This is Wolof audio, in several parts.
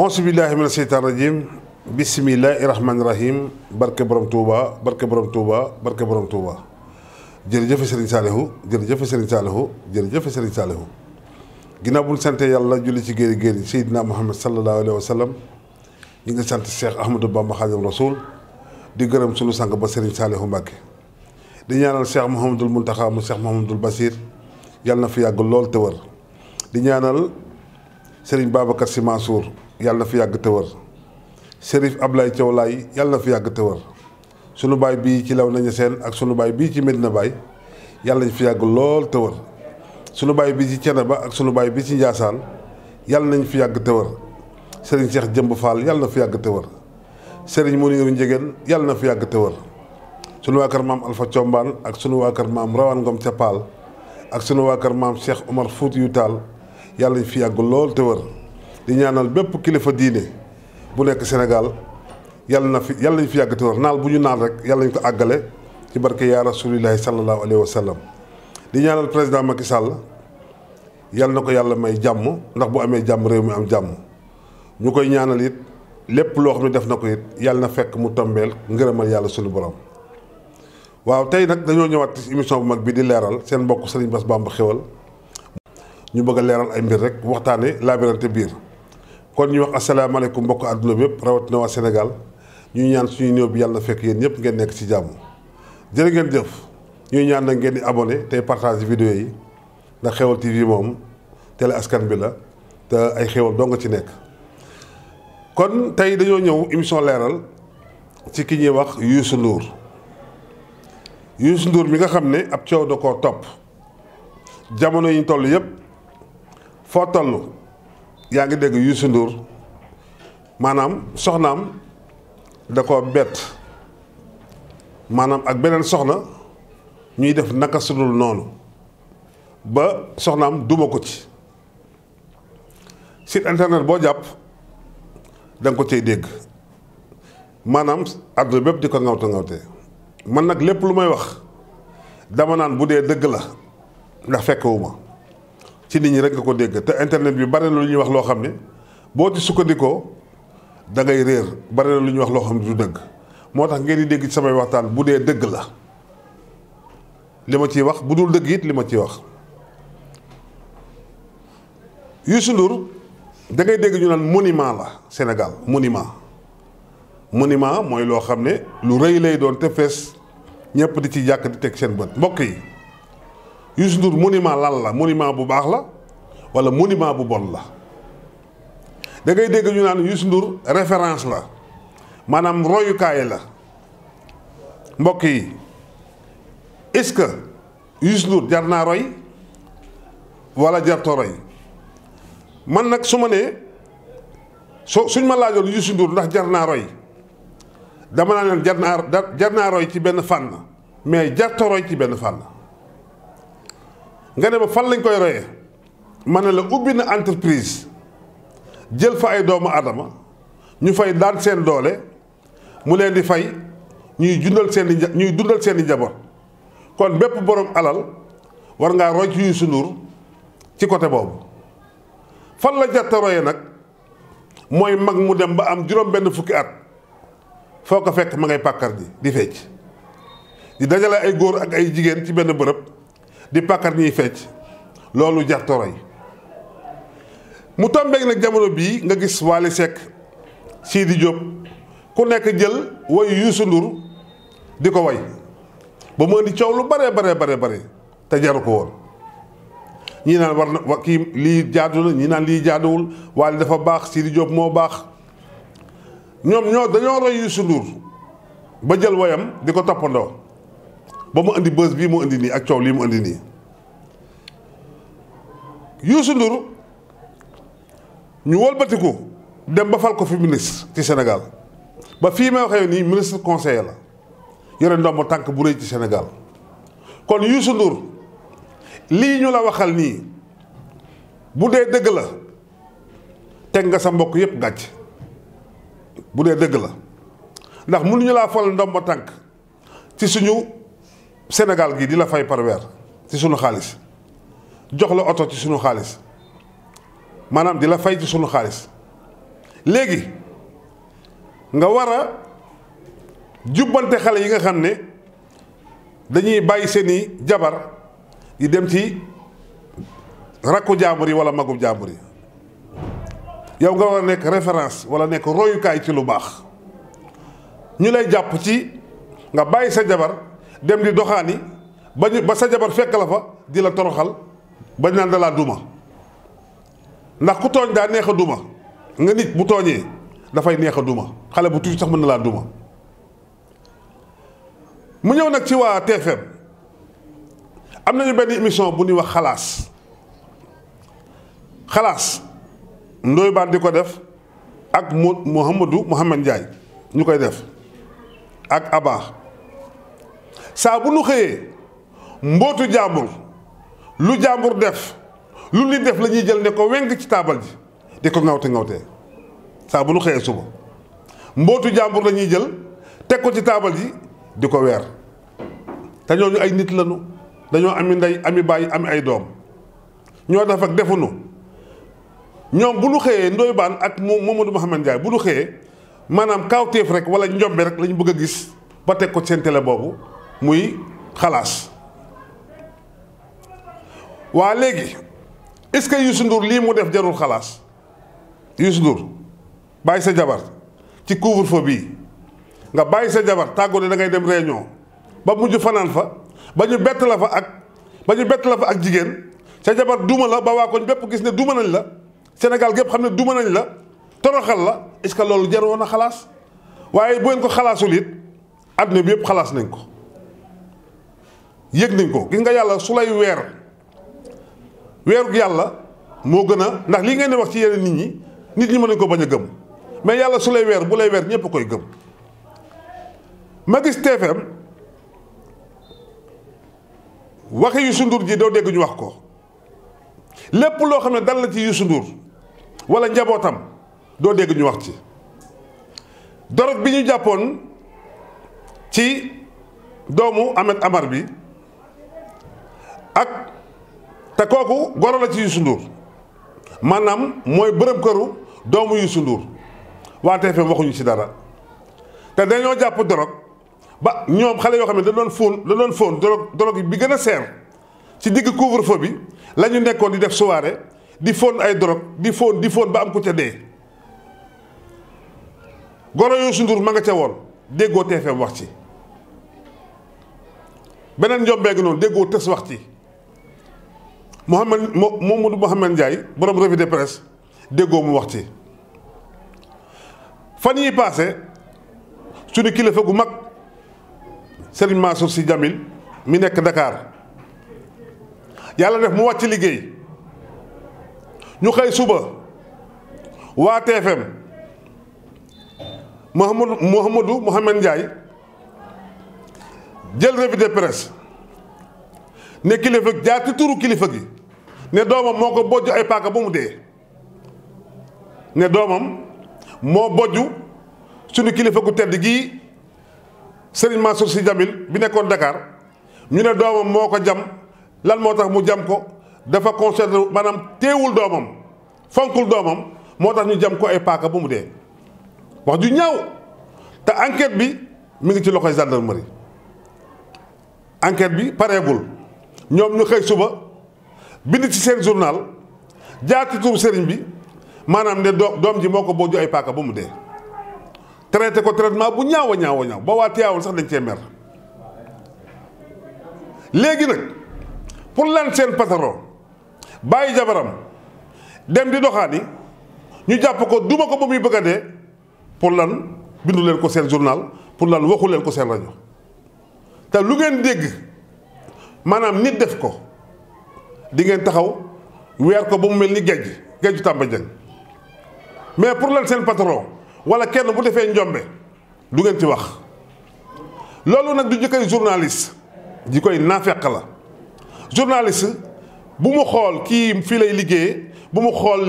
onsu billaahi mina seytaan rajim bismillaahi rahmaani rahim barke borom Touba barke borom Touba barke borom Touba jërëjëf jër Salihu jërëjëf Serigne jër jërëjëf Serigne Salihu ginnaaw bu ñu sant yàlla julli ci géeri géeri Seydina Muhammad sallallahu alayhi wa sallam ñu ngi sant Cheikh Ahmadou Bamba Xaadimu Rasuul di gërëm sunu sang ba Serigne Salihu Mbacke di ñaanal Cheikh Mouhamadul Mountakha mu Cheikh Mouhamadul Basir yàlla na fi yàgg lool te wër ñaanal Serigne Babacar Sy Mansour yalla fi yag te wër Serif ablay Thiaw yalla fi yag te wër sunu bay bi ci law nañu sen ak sunu bi bi ci Medina bay yalla fi yag lol te wër sunu bay bi ci ba ak sunu bi bi ci Ndiassane yalla nañ fi yag te wër Serigne Cheikh Jëmb Fall yalla fi yag te wër Serigne Mouniru Njegeen yalla fi yag te wër sunu Alpha ak sunu karmam rawan maam Rawane Ngom ak sunu karmam kër Cheikh Omar Foutiyou yutal yalla ñu fi yag lol te wër di ñaanal bépp kilifa diine bu nekk Sénégal yàlla na fi yàlla nañ fi yàgg te war bu ñu naal rek yàlla nañ ko àggale ci barke yaa rasulillahi sallallahu alayhi wa sallam di ñaanal président Macky Sall yàlla na ko yàlla may jàmm ndax bu amee jàmm réew mi am jàmm ñu koy ñaanal it lépp loo xam ne def na ko it yàlla na fekk mu tombeel ngërëmal yàlla sunu borom waaw tey nag dañoo ñëwaat ci émission bu mag bi di leeral seen mbokk Serigne Bass Bamba Xéwal ñu bëgg leeral ay mbir rek waxtaane laabirante biir kon ñu wax alaykum mbokk aduna bëpp rawat na wa Sénégal ñu ñaan suñu ñëw bi yàlla na fekk yéen ñëpp ngeen nekk ci jàmm jërë ngeen jëf ñu ñaan na ngeen di abonné tey partage vidéo yi ndax xewal TV moom télé askan bi la te ay xewal doo nga ci nekk kon tey dañoo ñëw émission leeral ci ki ñuy wax Youssou Ndour Youssou Ndour mi nga xam ne ab coow da koo topp jamono yi ñu toll yëpp foo tollu yaa ngi dégg yu sundur maanaam soxnaam da ko bett maanaam ak beneen soxna ñuy def naka sudul noonu ba soxnaam duma ko ci site internet boo jàpp da ko cay dégg maanaam àdduna bépp di ko ngawte ngawte man nag lépp lu may wax dama naan bu dee dëgg la ndax fekkewuma ci nit ñi rek nga ko dégg te internet bi bari na lu ñuy wax loo xam ne boo ci sukkandikoo da ngay réer bari na lu ñuy wax loo xam ne du dëgg moo tax ngeen di dégg ci samay waxtaan bu dee dëgg la li ma ciy wax bu dul dëgg it li ma ciy wax. Youssou Ndour da dégg ñu naan moniment la Sénégal moniment monument mooy loo xam ne lu rëy lay doon te fees ñëpp di ci jàkk di teg seen bët mbokk yi. Yusnur Ndour monument lan la monument bu baax la wala monument bu bon la da ngay dégg ñu naan Youssou Ndour référence la royu kay la mbokk yi est ce que Youssou Ndour jar roy wala to roy man nak suma ne so suñ ma lajol Youssou ndax jar roy dama naa jar roy ci ben fan mais to roy ci nga ne ba fan lañ koy royé mané la ubbi na entreprise jël fa ay doomu adama ñu fay daan seen doole mu leen di fay ñuy jundal seen ñuy dundal seen i njaboot kon bépp borom alal war nga roy ci Youssou Ndour ci côté boobu fan la jatta royé nag mooy mag mu dem ba am juróom benn fukki at foo ko fekk ma ngay pàkkar di di fecc di dajale ay góor ak ay jigéen ci benn bërëb di pàkkat ñuy fecc loolu jar toroy mu tombeeg nag jamono bii nga gis Wally Seck Sidi Diop ku nekk jël woyu Youssou Ndour di ko way ba mu indi coow lu bare bare bare bare te jaru ko woon ñii naan war na kii lii jaadu na ñii naan lii jaaduwul Wally dafa baax Sidi Diop moo baax ñoom ñoo dañoo roy Youssou Ndour ba jël woyam di ko toppandoo ba mu andi buzz bi mu andi ni ak ciow li mu andi ni Youssou Ndour ñu wolbatiku dem ba fal ko fi ministre ci senegal ba fi may waxe ni ministre conseil la yore ndom tank bu reuy ci senegal kon Yusuf Ndour li ñu la waxal ni bu de deug la tek nga sa mbokk yep gatch bu de deug la ndax mënu ñu la fal ndom tank ci suñu Sénégal gii di la fay par ci sunu xaalis jox la oto ci sunu xaalis maanaam di la fay sunu xaalis léegi nga war a jubbante xale yi nga xam ne dañuy bàyyi seeni jabar yi dem ci rakku jaambur yi wala magum jaambur yi yow nga war a nekk référence wala nekk royukaay ci lu baax ñu lay jàpp ci nga bàyyi sa jabar dem di doxaani ba ñu ba sa jabar fekk la fa di la toroxal ba ñu naan dalaa duma ndax ku tooñ daa neex a duma nga nit bu tooñee dafay neex a duma xale bu tuuti sax mën na laa duma mu ñëw nag ci waa TFM am nañu benn émission bu nuy wax xalaas xalaas Ndoye Bane di ko def ak mu Mouhamadou Mouhamad Ndiaye ñu koy def ak Aba saa bu nu xëyee mbootu jàmbur lu jàmbur def lu nit def la ñuy jël ne ko weng ci taabal ji di ko ŋawte ŋawtee saa bu nu xëyee suba mbootu jàmbur la ñuy jël teg ko ci taabal ji di ko weer te ñooñu ay nit lañu dañoo ami ndey am ami bàyyi am ay doom ñoo def ak defuñu ñoom bu nu xëyee Ndoye baan ak Mamadou Mouhamed Ndiaye bu nu xëyee maanaam kawteef rek wala njombe rek lañu bëgg a gis ba teg ko seen télé boobu muy khalas wa legi est ce que Youssou Ndour lii mu def jarul khalas Youssou Ndour bàyyi sa jabar ci couvre feu bi nga bàyyi sa jabar tàggoo da ngay dem réunion ba muju fanan fa bañu bet la fa ak bañu bet la fa ak jigen sa jabar duma la ba wa koñ bépp gis ne duma nañ la Sénégal gep xamne duma nañ la toroxal la est ce que loolu jarona khalas waye bu ngeen ko khalasulit adna bi yep khalas nañ ko yëg nañ ko gis nga yàlla su lay weer weerug yàlla moo gën a ndax li ngeen di wax ci yeneen nit ñi nit ñi mën ko bañ a gëm mais yàlla su lay weer bu lay weer ñëpp koy gëm ma gis TFM waxi yu sundur ji doo dégg ñu wax ko lépp loo xam dal la ci yu sundur wala njabootam doo dégg ñu wax ci dorog bi ñu jàppoon ci doomu Ahmed Amar bi ak te kooku goro la ci Youssou Ndour maanaam mooy bërëm këru doomu Youssou Ndour waa TFM waxuñu ci dara te dañoo jàpp dorog ba ñoom xale yoo xam ne da doon fóon da doon fóon dorog dorog bi gën a seer ci digg couvre-feu bi lañu nekkoon di def suwaare di fóon ay dorog di fóon di fóon ba am ku ca dee goro Youssou Ndour ma nga ca woon déggoo TFM wax ci beneen njombeegi noonu déggoo tës wax ci Mouhamad Mamadou Mouhamad Ndiaye borom revue de presse déggoo mu wax ci fan yi paase suñu kilifa gu mag Serigne Mansour Sy Djamil mi nekk Dakar yàlla def mu wàcc liggéey ñu xëy suba waa TFM Mouhamadou Mouhamad Ndiaye jël revue de presse. ne kilifa jaar ci turu kilifa gi ne doomam moo ko bojj ay paaka ba mu dee ne doomam moo bojj suñu kilifa gu tedd gii Serigne Mansour Sy Djamil bi nekkoon Dakar ñu ne doomam moo ko jam lan moo tax mu jam ko dafa considéré maanaam téewul doomam fonkul doomam moo tax ñu jam ko ay paaka ba mu dee wax ju ñaw te enquête bi mu ngi ci loxoy gendarmerie enquête bi pareegul ñoom ñu xëy suba bind ci seen journal jaar ci tur sëriñ bi maanaam ne doom ji moo ko boo ju ay paaka ba mu dee traité ko traitement bu ñaaw a ñaaw a ñaaw ba waa Tivaouane sax dañ cee mer léegi nag pour lan seen patron bàyyi jabaram dem di doxaani ñu jàpp ko duma ko ba muy bëgg a dee pour lan bindu leen ko seen journal pour lan waxu leen ko seen rajo te lu ngeen dégg maanaam nit def ko di ngeen taxaw weer ko ba mu mel ni géej géeju Tamba Dieng mais pour lan seen patron wala kenn bu defee njombe du ngeen ci wax loolu nag du jikkoy journaliste ji koy naafeq la journaliste bu mu xool kii fii lay liggéeyee bu mu xool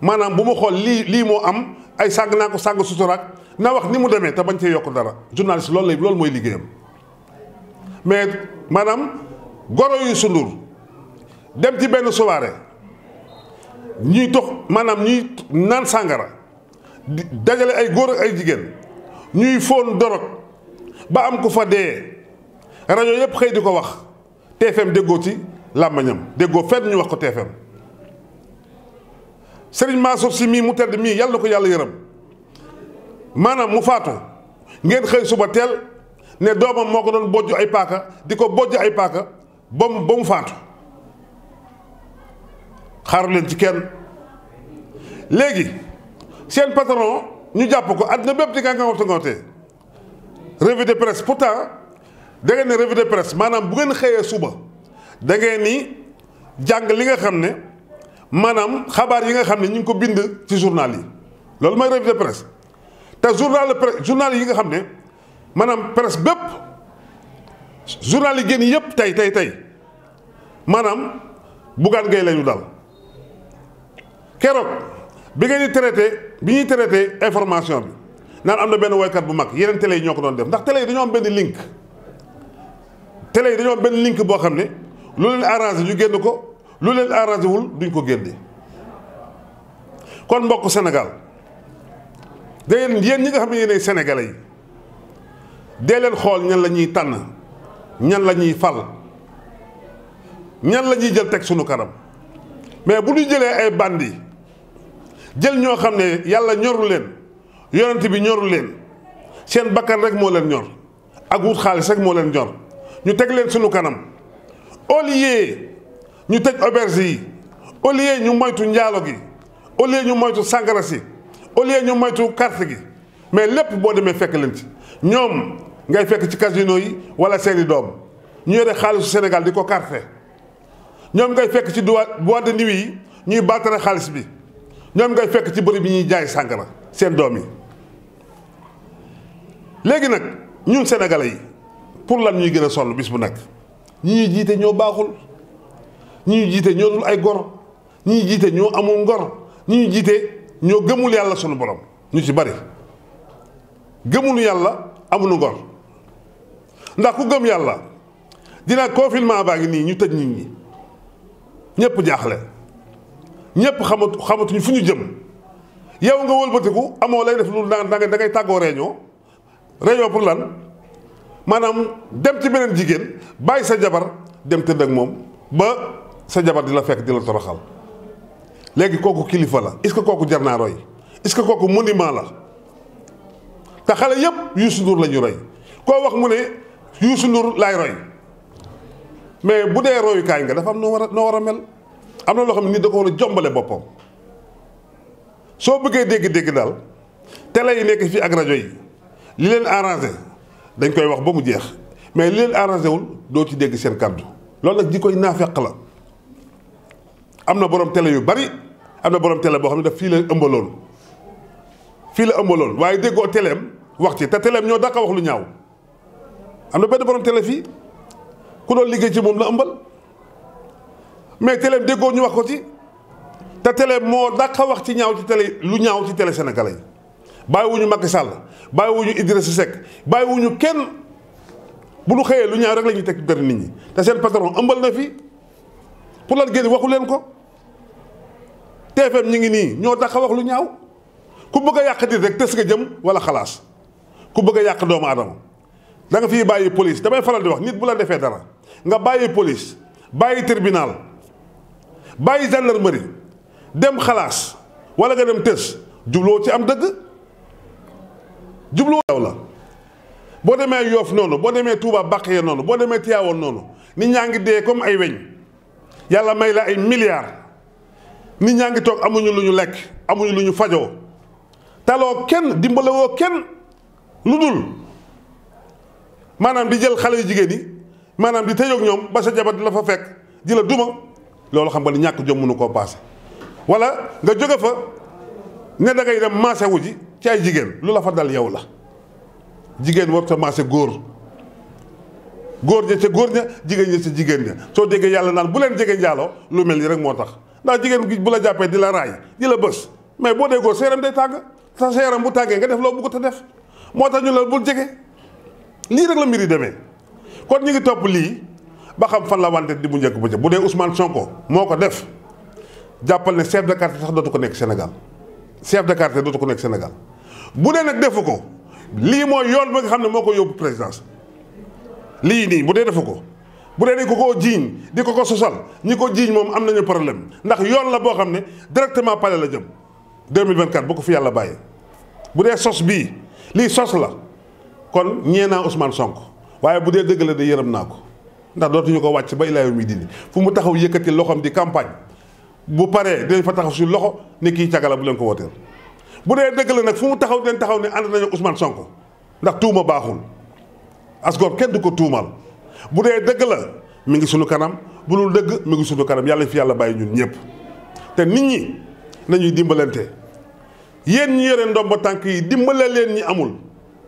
maanaam bu mu xool lii lii moo am ay sàng naa ko sàng suturaak na wax ni mu demee te bañ cee yokk dara journaliste loolu lay loolu mooy liggéeyam mais maanaam goro yi Ndour dem ci benn soirée ñuy tox maanaam ñuy naan sàngara di dajale ay góor ak ay jigéen ñuy fóon dorog ba am ku fa dee rajo yëpp xëy di ko wax TFM déggoo ci làmbañam déggoo fenn ñu wax ko TFM Serigne Mansour Sy mii mu tedd mii yàlla ko yàlla yërëm maanaam mu faatu ngeen xëy suba teel ne doomam moo ko doon bojj ay paaka di ko bojj ay paaka ba mu ba mu faatu xaaru leen ci kenn léegi seen patron ñu jàpp ko àddina bépp di kaa nga ngawte ngawtee revue de presse pourtant da ngeen ne revue de presse maanaam bu ngeen xëyee suba da ngeen ni jàng li nga xam ne maanaam xabaar yi nga xam ne ñu ngi ko bind ci journal yi loolu mooy revue de presse te journal journal yi nga xam ne maanaam presse bépp journal yi génn yëpp tey tey tey maanaam Bougane Gueye lañu dal keroog bi ngeen di traité bi ñuy traité information bi naan am na benn woykat bu mag yeneen tele yi ñoo ko doon def ndax télé yi dañoo am benn link yi dañoo am benn boo xam ne lu leen arrangé ñu génn ko lu leen arrangé wul duñ ko génne kon mbokk Sénégal da yéen ñi nga xam ne yéenay sénégalais yi dee leen xool ñan la ñuy tànn. ñan la ñuy fal ñan la ñuy jël teg suñu kanam mais bu ñu jëlee ay bandi jël ñoo xam ne yàlla ñoru leen yonent bi ñoru leen seen bakkan rek moo leen ñor ak wut xaalis rek moo leen ñor ñu teg leen suñu kanam au ñu tëj auberge yi au lieu ñu moytu njaalo gi au lieu ñu moytu sàngara si au lieu ñu moytu carte gi mais lépp boo demee fekk leen ci ñoom. ngay fekk ci casino yi wala seeni doom ñu yore xaalisu Sénégal di ko carte ñoom ngay fekk ci boîte de nuit yi ñuy baatara xaalis bi ñoom ngay fekk ci bëri bi ñuy jaay sàngara seen doom yi léegi nag ñun sénégalais yi pour lan ñuy gën a sonn bis bu nekk ñi ñuy jiite ñoo baaxul ñi ñuy jiite ñoo dul ay gor ñi ñuy jiite ñoo amul ngor ñu ñuy jiite ñoo gëmul yàlla sunu borom ñu ci bari gëmul yàlla amul ngor ndax ku gëm yàlla dina confinement baa ngi nii ñu tëj nit ñi ñëpp jaaxle ñëpp xamatu xamatuñu fu ñu jëm yow nga wëlbatiku amoo lay def lu da nga da ngay tàggoo réunion réunion pour lan maanaam dem ci beneen jigéen bàyyi sa jabar dem tëdd ak moom ba sa jabar di la fekk di la toroxal léegi kooku kilifa la est-ce que kooku jar naa roy est-ce que kooku monument la te xale yëpp Youssou Ndour la ñu roy koo wax mu ne. Youssou Ndour laay roy mais bu dee royukaay nga dafa am noo war a noo war a mel am na loo xam ne nit da ko war a jombale boppam soo bëggee dégg-dégg daal tele yi nekk fii ak rajo yi li leen arrangé dañ koy wax ba mu jeex mais li leen arrangé wul doo ci dégg seen kàddu loolu nag ji koy naafeq la am na borom télé yu bari am na borom télé boo xam ne daf fii la ëmbaloon fii la ëmbaloon waaye déggoo téléem wax ci te téléem ñoo dàq wax lu ñaaw. am na benn borom télé fii ku doon liggéey ci moom la ëmbal mais téléem déggoo ñu wax ko ci te télé moo dàq a wax ci ñaaw ci télé lu ñaaw ci télé sénégalais yi bàyyiwuñu Macky Sall bàyyiwuñu Idrissa Seck bàyyiwuñu kenn bu ñu xëyee lu ñaaw rek la ñuy teg dara nit ñi te seen patron ëmbal na fi pour lan génn waxu leen ko TFM ñu ngi nii ñoo dàq a wax lu ñaaw ku bëgg a yàq di rek tës nga jëm wala xalaas ku bëgg a yàq doomu aadama danga fi bàyyi police damay faral di wax nit bu la defee dara nga bàyyi police bàyyi tribunal bàyyi gendarmerie dem xalaas wala nga dem tës jubloo ci am dëgg jubloo yow la boo demee yoof noonu boo demee Touba Bakhye noonu boo demee Tivaouane noonu nit ñaa ngi dee comme ay weñ yàlla may la ay milliards nit ñaa ngi toog amuñu lu ñu lekk amuñu lu ñu fajoo taloo kenn dimbalewoo kenn lu dul manam di jël xalé jigéen yi manam di tëjoog ñom ba sa jabat la fa fekk di la duma lolu xam ba ni jom mënu ko passé wala nga joggé fa né da ngay dem massé wu ji ci ay jigéen lu la fa dal yow la jigéen warut ta massé goor goor je ci goor ña jigéen je ci jigéen ña so déggee yalla naan bu len jégué ndialo lu melni rek motax tax ndax jigéen gi bu la jappé di la raay di la bëss mais bo dee góor day tag sa séram bu tàngee nga def bu ko ta def motax ñu la bu jégué lii rek la mbir yi demee kon ñu ngi topp lii ba xam fan la wante di bu njëkk bu njëkk bu dee Ousmane Sonko moo ko def jàppal ne chef de quartier sax dootu ko nekk Sénégal chef de quartier dootu ko nekk Sénégal bu dee nag defu ko lii mooy yoon ba nga xam ne moo ko yóbbu présidence lii nii bu dee defu ko bu dee dañ ko koo jiiñ di ko ko sosal ñi ko jiiñ moom am nañu problème ndax yoon la boo xam ne directement palais la jëm 2024 bu ko fi yàlla bàyyee bu dee sos bii lii sos la. kon ñee naa Ousmane Sonko waaye bu dee dëgg la de yërëm naa ko ndax dootuñu ko wàcc ba ilaayu mi dini fu mu taxaw yëkkati loxoom di campagne bu paree dinañ fa taxaw si loxo ni kii cagala bu leen ko wooteel. bu dee dëgg la nag fu mu taxaw den taxaw ne ànd nañu Ousmane Sonko ndax tuuma baaxul asgoor kenn du ko tuumaal bu dee dëgg la mi ngi sunu kanam bu dul dëgg mi ngi sunu kanam yàlla fi yàlla bàyyi ñun ñëpp te nit ñi nañuy dimbalante yéen ñi yore ndomba tànk yi dimbale leen ñi amul.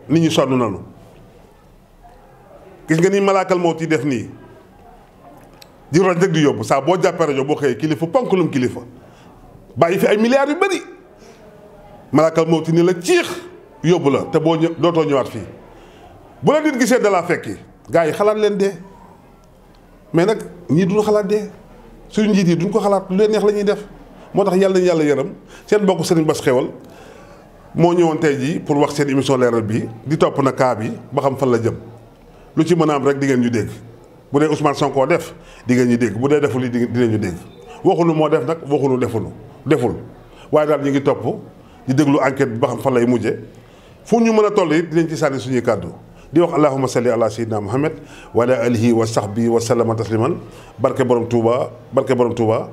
nit ñi sonn nañu gis nga ni malaakal moo ti def nii di roñ rek di yóbbu saa boo jàppee rajo boo xëyee kilifa ponk lum kilifa bàyyi fi ay milliards yu bëri malaakal moo ti ni la ciix yóbbu la te boo ñë dootoo ñëwaat fii bu la nit gisee dalaa fekki gars yi xalaat leen dee mais nag ñii duñu xalaat dee suñu njiit yi duñ ko xalaat lu leen neex la ñuy def moo tax yàlla nañu yàlla yërëm seen bokk sëriñ bas Xewal mo ñëwoon tay ji pour wax seen émission leeral bi di top na ka bi ba xam fa la jëm lu ci mëna am rek di ngeen ñu dégg bu dee Ousmane Sonko def di ngeen ñu dégg bu dee deful di ngeen ñu dégg waxunu mo def nag waxunu defunu deful waaye dal ñi ngi top di déglu enquête ba xam fa lay mujjé fu ñu mëna toll ci suñu di wax allahumma salli ala sayyidina muhammad wa ala alihi wa sahbihi wa sallama tasliman barke borom Touba barke borom Touba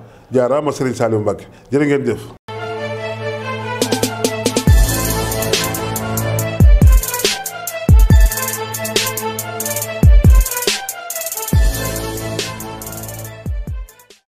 ma Serigne salim Mbacke jere ngeen def